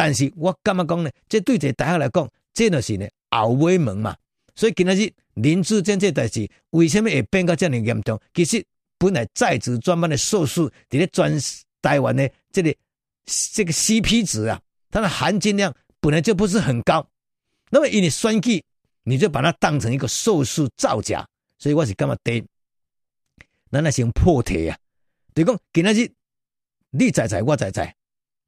但是我咁樣講呢，這對住大家來講，真係是呢後威門嘛，所以今仔日林智堅呢代志為什麼會變到咁嚴重？其實本來在職專班的碩士，啲專台灣呢，即個這個、這個、C P 值啊，它的含金量本來就不是很高，那麼以你算計，你就把它當成一個碩士造假，所以我是咁樣睇，那啲先破題啊，就講今仔日你在在，我在在。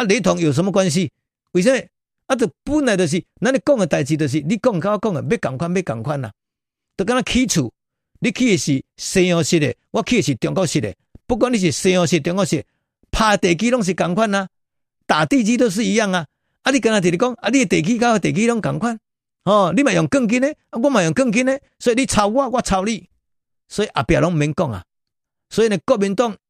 啊，雷同有什麼關係？為什麼？阿、啊、就本來就是，咱你講嘅代志就是，你講交講嘅，咪共款咪共款呐？都跟他起厝，你起嘅是西洋式嘅，我起嘅是中國式嘅。不管你是西洋式、中國式，拍地基攏是共款呐，打地基都是一樣啊。啊你你，你跟他弟弟講，啊、哦，你地基交地基攏共款。吼，你嘛用鋼筋呢，我嘛用鋼筋呢，所以你抄我，我抄你，所以後壁攏毋免講啊，所以呢，國民黨。